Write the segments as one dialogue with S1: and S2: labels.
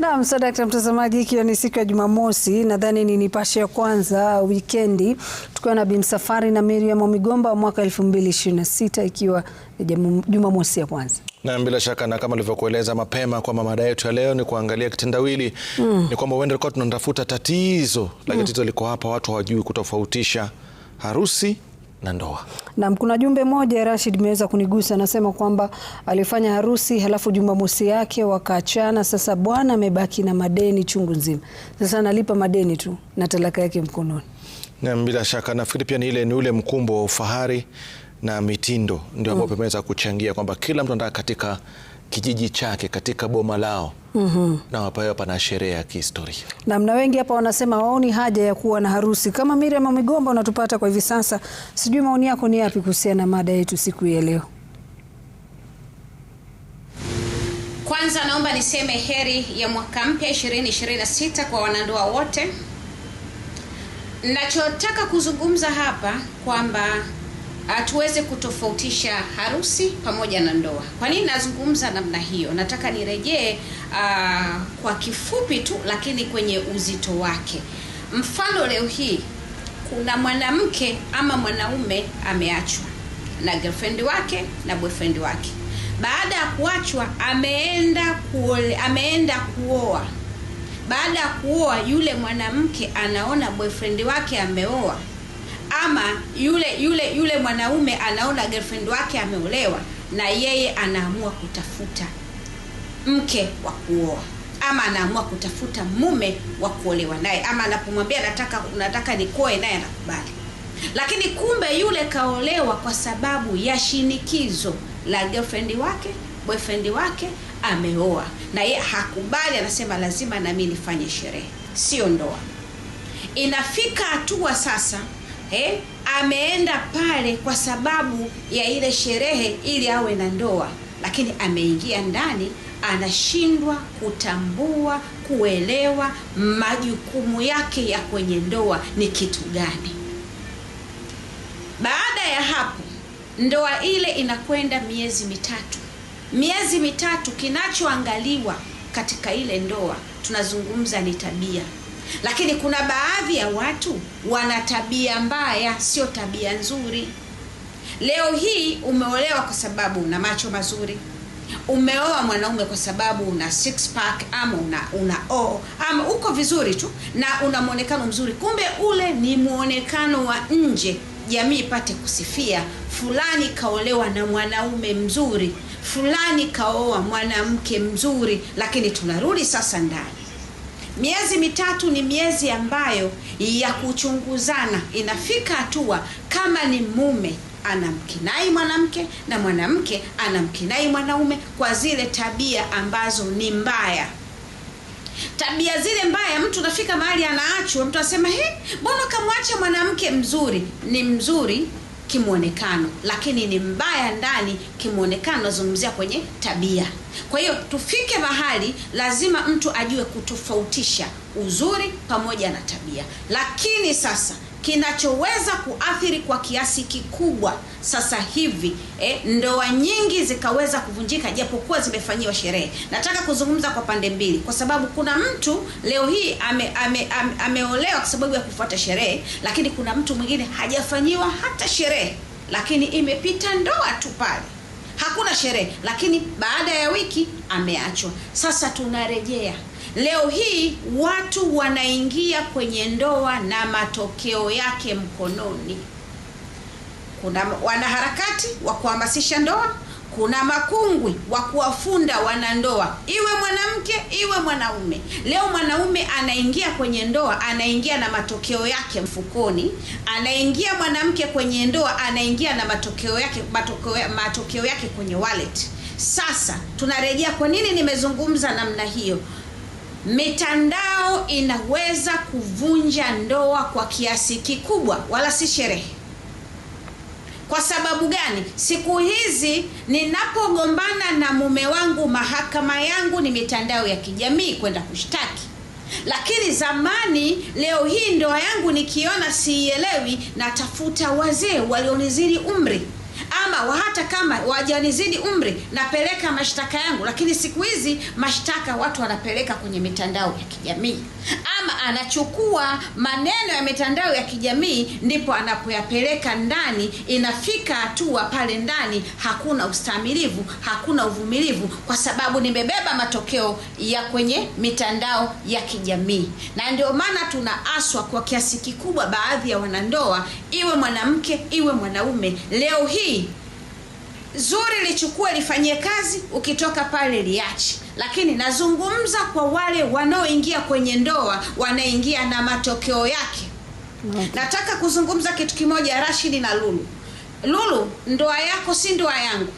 S1: Naam, Sadakta mtazamaji, ikiwa ni siku ya Jumamosi, nadhani ni Nipashe ya kwanza wikendi, tukiwa na Bin Safari na Miriam Migomba mwaka 2026 ikiwa Jumamosi ya kwanza
S2: na bila shaka na kama nilivyokueleza mapema kwamba mada yetu ya leo ni kuangalia kitendawili mm. Ni kwamba huenda tulikuwa tunatafuta tatizo, lakini mm. tatizo liko hapa, watu hawajui kutofautisha harusi na ndoa.
S1: Naam, kuna jumbe moja Rashid imeweza kunigusa, anasema kwamba alifanya harusi halafu Jumamosi yake wakaachana. Sasa bwana amebaki na madeni chungu nzima, sasa analipa madeni tu na talaka yake mkononi.
S2: Naam, bila shaka nafikiri pia ni ile ni ule mkumbo wa ufahari na mitindo ndio ambao mm, pemeweza kuchangia kwamba kila mtu anataka katika kijiji chake katika boma lao mm -hmm. na hapa pana sherehe ya kihistoria
S1: nam, na wengi hapa wanasema waoni haja ya kuwa na harusi. Kama Miriam Migomba unatupata kwa hivi sasa, sijui maoni yako ni yapi kuhusiana na mada yetu siku ya leo?
S3: Kwanza naomba niseme heri ya mwaka mpya 2026 kwa wanandoa wote. Nachotaka kuzungumza hapa kwamba tuweze kutofautisha harusi pamoja na ndoa. Kwa nini nazungumza namna hiyo? Nataka nirejee uh, kwa kifupi tu, lakini kwenye uzito wake. Mfano, leo hii kuna mwanamke ama mwanaume ameachwa na girlfriend wake na boyfriend wake. Baada ya kuachwa ameenda kuole, ameenda kuoa. Baada ya kuoa, yule mwanamke anaona boyfriend wake ameoa ama yule yule yule mwanaume anaona girlfriend wake ameolewa na yeye anaamua kutafuta mke wa kuoa ama anaamua kutafuta mume wa kuolewa naye, ama anapomwambia nataka nataka nikoe naye anakubali. Lakini kumbe yule kaolewa kwa sababu ya shinikizo la girlfriend wake, boyfriend wake ameoa na ye hakubali, anasema lazima nami nifanye sherehe, sio ndoa. Inafika hatua sasa eh, ameenda pale kwa sababu ya ile sherehe ili awe na ndoa, lakini ameingia ndani anashindwa kutambua kuelewa majukumu yake ya kwenye ndoa ni kitu gani. Baada ya hapo, ndoa ile inakwenda miezi mitatu. Miezi mitatu, kinachoangaliwa katika ile ndoa tunazungumza ni tabia. Lakini kuna baadhi ya watu wana tabia mbaya, sio tabia nzuri. Leo hii umeolewa kwa sababu una macho mazuri, umeoa mwanaume kwa sababu una six pack ama una, una o ama uko vizuri tu na una mwonekano mzuri, kumbe ule ni mwonekano wa nje jamii ipate kusifia, fulani kaolewa na mwanaume mzuri, fulani kaoa mwanamke mzuri. Lakini tunarudi sasa ndani Miezi mitatu ni miezi ambayo ya kuchunguzana, inafika hatua kama ni mume anamkinai mwanamke na mwanamke anamkinai mwanaume kwa zile tabia ambazo ni mbaya. Tabia zile mbaya, mtu unafika mahali anaachwa, mtu asema he, mbona kamwacha mwanamke mzuri? Ni mzuri kimwonekano, lakini ni mbaya ndani kimwonekano, nazungumzia kwenye tabia. Kwa hiyo tufike mahali lazima mtu ajue kutofautisha uzuri pamoja na tabia, lakini sasa kinachoweza kuathiri kwa kiasi kikubwa sasa hivi eh, ndoa nyingi zikaweza kuvunjika japokuwa zimefanyiwa sherehe. Nataka kuzungumza kwa pande mbili, kwa sababu kuna mtu leo hii ame, ame, ame, ameolewa kwa sababu ya kufuata sherehe, lakini kuna mtu mwingine hajafanyiwa hata sherehe, lakini imepita ndoa tu pale hakuna sherehe, lakini baada ya wiki ameachwa. Sasa tunarejea Leo hii watu wanaingia kwenye ndoa na matokeo yake mkononi. Kuna wanaharakati wa kuhamasisha ndoa, kuna makungwi wa kuwafunda wanandoa, iwe mwanamke iwe mwanaume. Leo mwanaume anaingia kwenye ndoa, anaingia na matokeo yake mfukoni, anaingia mwanamke kwenye ndoa, anaingia na matokeo yake, matokeo, matokeo yake kwenye wallet. Sasa tunarejea, kwa nini nimezungumza namna hiyo? mitandao inaweza kuvunja ndoa kwa kiasi kikubwa, wala si sherehe. Kwa sababu gani? Siku hizi ninapogombana na mume wangu, mahakama yangu ni mitandao ya kijamii kwenda kushtaki. Lakini zamani, leo hii ndoa yangu nikiona siielewi, natafuta wazee walionizidi umri kama hata kama wajanizidi umri napeleka mashtaka yangu, lakini siku hizi mashtaka watu wanapeleka kwenye mitandao ya kijamii, ama anachukua maneno ya mitandao ya kijamii ndipo anapoyapeleka ndani. Inafika hatua pale ndani hakuna ustamilivu, hakuna uvumilivu, kwa sababu nimebeba matokeo ya kwenye mitandao ya kijamii, na ndio maana tunaaswa kwa kiasi kikubwa baadhi ya wanandoa, iwe mwanamke iwe mwanaume, leo hii zuri lichukue lifanyie kazi, ukitoka pale liache. Lakini nazungumza kwa wale wanaoingia kwenye ndoa, wanaingia na matokeo yake. Okay. Nataka kuzungumza kitu kimoja, Rashidi na Lulu. Lulu, ndoa yako si ndoa yangu.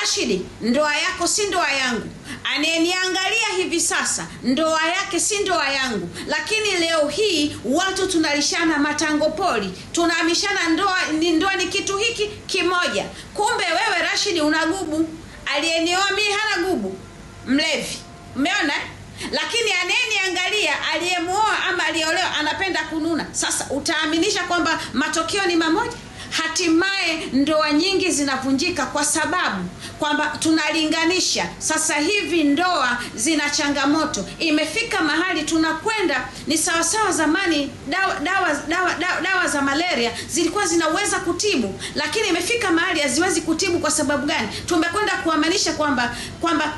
S3: Rashidi, ndoa yako si ndoa yangu. Anayeniangalia hivi sasa, ndoa yake si ndoa yangu. Lakini leo hii watu tunalishana matango poli, tunahamishana ndoa, ni ndoa ni kitu hiki kimoja, kumbe we Rashid una gubu, aliyenioa mimi hana gubu, mlevi. Umeona? Lakini anayeniangalia aliyemuoa ama aliyeolewa anapenda kununa. Sasa utaaminisha kwamba matokeo ni mamoja? hatimaye ndoa nyingi zinavunjika kwa sababu kwamba tunalinganisha. Sasa hivi ndoa zina changamoto, imefika mahali tunakwenda ni sawasawa. Zamani dawa, dawa, dawa, dawa, dawa za malaria zilikuwa zinaweza kutibu, lakini imefika mahali haziwezi kutibu. Kwa sababu gani? Tumekwenda kuamanisha kwamba kwamba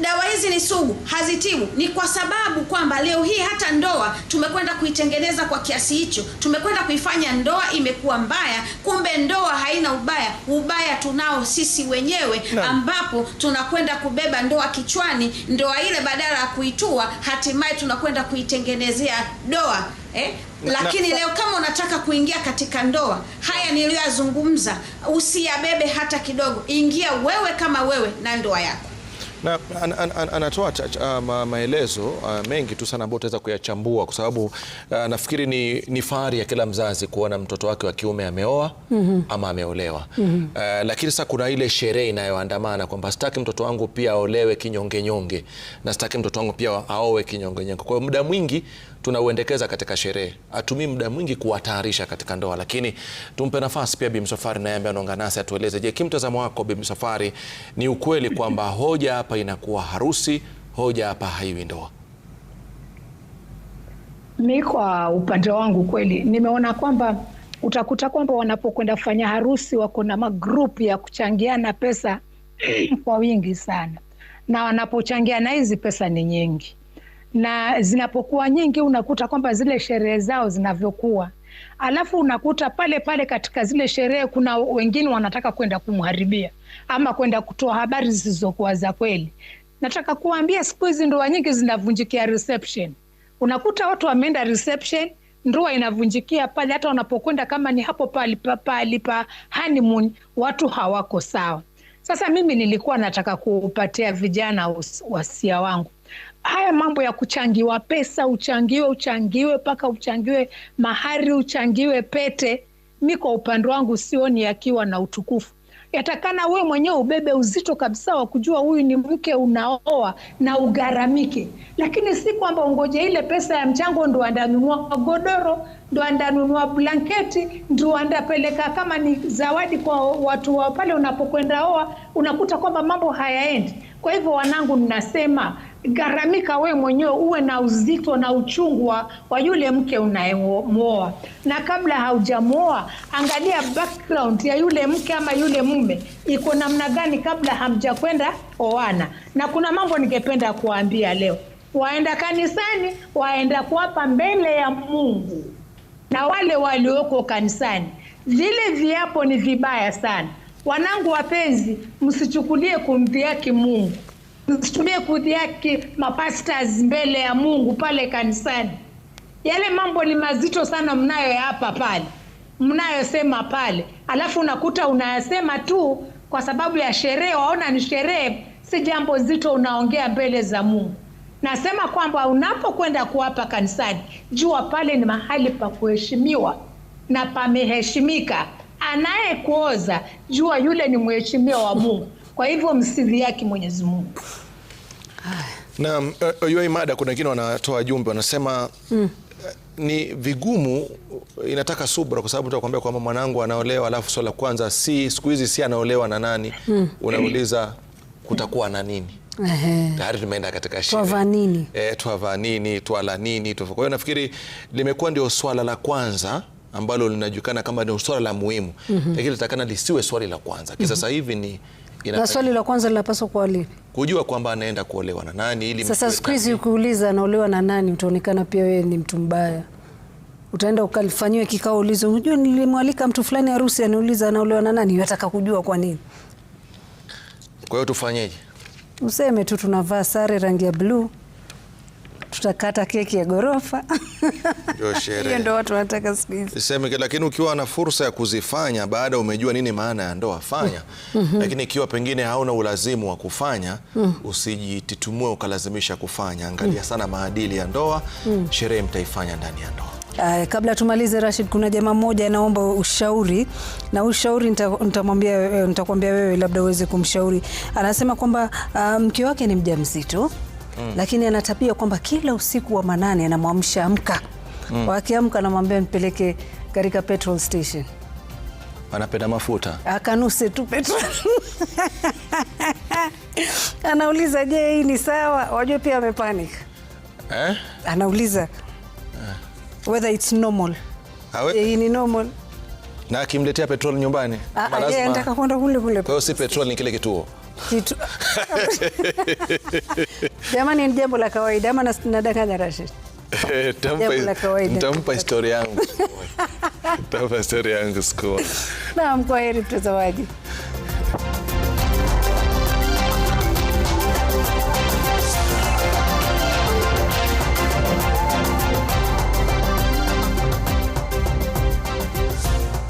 S3: dawa hizi ni sugu, hazitibu. Ni kwa sababu kwamba leo hii hata ndoa tumekwenda kuitengeneza kwa kiasi hicho, tumekwenda kuifanya ndoa imekuwa mbaya. Kumbe ndoa haina ubaya, ubaya tunao sisi wenyewe na, ambapo tunakwenda kubeba ndoa kichwani, ndoa ile badala ya kuitua, hatimaye tunakwenda kuitengenezea doa eh? Lakini na, leo kama unataka kuingia katika ndoa, haya niliyoyazungumza usiyabebe hata kidogo. Ingia wewe kama wewe na ndoa yako
S2: na an, an, an, uh, maelezo uh, mengi tu sana ambayo utaweza kuyachambua kwa sababu uh, nafikiri ni, ni fahari ya kila mzazi kuona mtoto wake wa kiume ameoa mm -hmm. ama ameolewa mm -hmm. uh, lakini sasa kuna ile sherehe inayoandamana kwamba sitaki mtoto wangu pia aolewe kinyongenyonge na sitaki mtoto wangu pia aowe kinyongenyonge. Kwa hiyo muda mwingi tunauendekeza katika sherehe. Atumii muda mwingi kuwatayarisha katika ndoa, lakini tumpe nafasi pia Bi Msafwari naye ambaye anaonga nasi atueleze. Je, kimtazamo wako Bi Msafwari, ni ukweli kwamba hoja hapa inakuwa harusi, hoja hapa haiwi ndoa?
S1: Mi kwa upande wangu kweli nimeona kwamba utakuta kwamba wanapokwenda fanya harusi wako na magrupu ya kuchangiana pesa kwa wingi sana, na wanapochangiana hizi pesa ni nyingi na zinapokuwa nyingi unakuta kwamba zile sherehe zao zinavyokuwa, alafu unakuta pale pale katika zile sherehe kuna wengine wanataka kwenda kumharibia ama kwenda kutoa habari zisizokuwa za kweli. Nataka kuambia siku hizi ndoa nyingi zinavunjikia reception. Unakuta watu wameenda reception, ndoa inavunjikia pale. Hata wanapokwenda kama ni hapo pali pa honeymoon, watu hawako sawa. Sasa mimi nilikuwa nataka kuupatia vijana wasia wangu haya mambo ya kuchangiwa pesa, uchangiwe uchangiwe mpaka uchangiwe mahari, uchangiwe pete, mi kwa upande wangu sioni akiwa na utukufu. Yatakana we mwenyewe ubebe uzito kabisa wa kujua huyu ni mke unaoa na ugaramike lakini si kwamba ungoje ile pesa ya mchango ndo andanunua godoro, ndo andanunua blanketi, ndo andapeleka kama ni zawadi kwa watu wa pale unapokwenda oa, unakuta kwamba mambo hayaendi. Kwa hivyo wanangu, ninasema gharamika wewe mwenyewe, uwe na uzito na uchungu wa yule mke unayemwoa, na kabla haujamwoa, angalia background ya yule mke ama yule mume iko namna gani kabla hamjakwenda oana. Na kuna mambo ningependa kuwaambia leo, waenda kanisani, waenda kuapa mbele ya Mungu na wale walioko kanisani, vile viapo ni vibaya sana. Wanangu wapenzi, msichukulie kumdhihaki Mungu tusichukulie kudhiaki mapastas mbele ya Mungu pale kanisani. Yale mambo ni mazito sana mnayo hapa pale mnayosema pale, alafu unakuta unayasema tu kwa sababu ya sherehe, waona ni sherehe, si jambo zito unaongea mbele za Mungu. Nasema kwamba unapokwenda kuapa kanisani, jua pale ni mahali pa kuheshimiwa na pameheshimika. Anayekuoza jua yule ni mheshimiwa wa Mungu. Kwa hivyo msidhi yake Mwenyezi Mungu.
S2: Naam, hiyo eh, eh, mada, kuna wengine wanatoa jumbe wanasema mm. Ni vigumu, inataka subra, kwa sababu tutakwambia kwamba mwanangu anaolewa, alafu swala la kwanza si siku hizi si anaolewa na nani mm. Unauliza kutakuwa na nini? Tayari tumeenda katika shida,
S1: twavaa nini
S2: e, nini, twala nini? Kwa hiyo nafikiri limekuwa ndio swala la kwanza ambalo linajulikana kama ni swala la muhimu, mhm. lakini mm -hmm. Litakana lisiwe swali la kwanza mhm. sasa hivi ni
S1: na swali la kwanza linapaswa kuwa lipi?
S2: Kujua kwamba anaenda kuolewa na nani
S1: ili sasa, siku hizi ukiuliza anaolewa na nani, utaonekana pia wewe ni mtu mbaya. Utaenda ukafanyiwe kikao, ulizo, unajua nilimwalika mtu fulani harusi, aniuliza anaolewa na nani, nataka kujua kwa nini.
S2: Kwa hiyo tufanyeje?
S1: Useme tu tunavaa sare rangi ya bluu tutakata keki ya ghorofa.
S2: Hiyo
S1: ndo watu wanataka siku hizi
S2: Lakini ukiwa na fursa ya kuzifanya baada umejua nini maana ya ndoa fanya. mm -hmm. Lakini ikiwa pengine hauna ulazimu wa kufanya mm -hmm. usijititumue ukalazimisha kufanya. Angalia mm -hmm. sana maadili ya ndoa mm -hmm. sherehe mtaifanya ndani ya ndoa.
S1: Uh, kabla tumalize Rashid, kuna jamaa mmoja anaomba ushauri na ushauri nitamwambia, eh, nitakwambia wewe labda uweze kumshauri. Anasema kwamba ah, mke wake ni mjamzito mm. Lakini ana tabia kwamba kila usiku wa manane anamwamsha amka, mm. Wakiamka anamwambia nipeleke katika petrol station,
S2: anapenda mafuta
S1: akanuse tu petrol anauliza, je, hii ni sawa? Wajua pia amepanic eh? Anauliza eh, whether it's normal, hii ni normal
S2: na akimletea petrol nyumbani,
S1: ah, ah, anataka kwenda kule kule.
S2: Kwa hiyo si petrol ni kile kituo kitu
S1: jamani, ni jambo la kawaida ama nadanganya, Rashid?
S2: Ntampa historia yangu, ntampa historia yangu siku.
S1: Naam, kwa heri mtazamaji.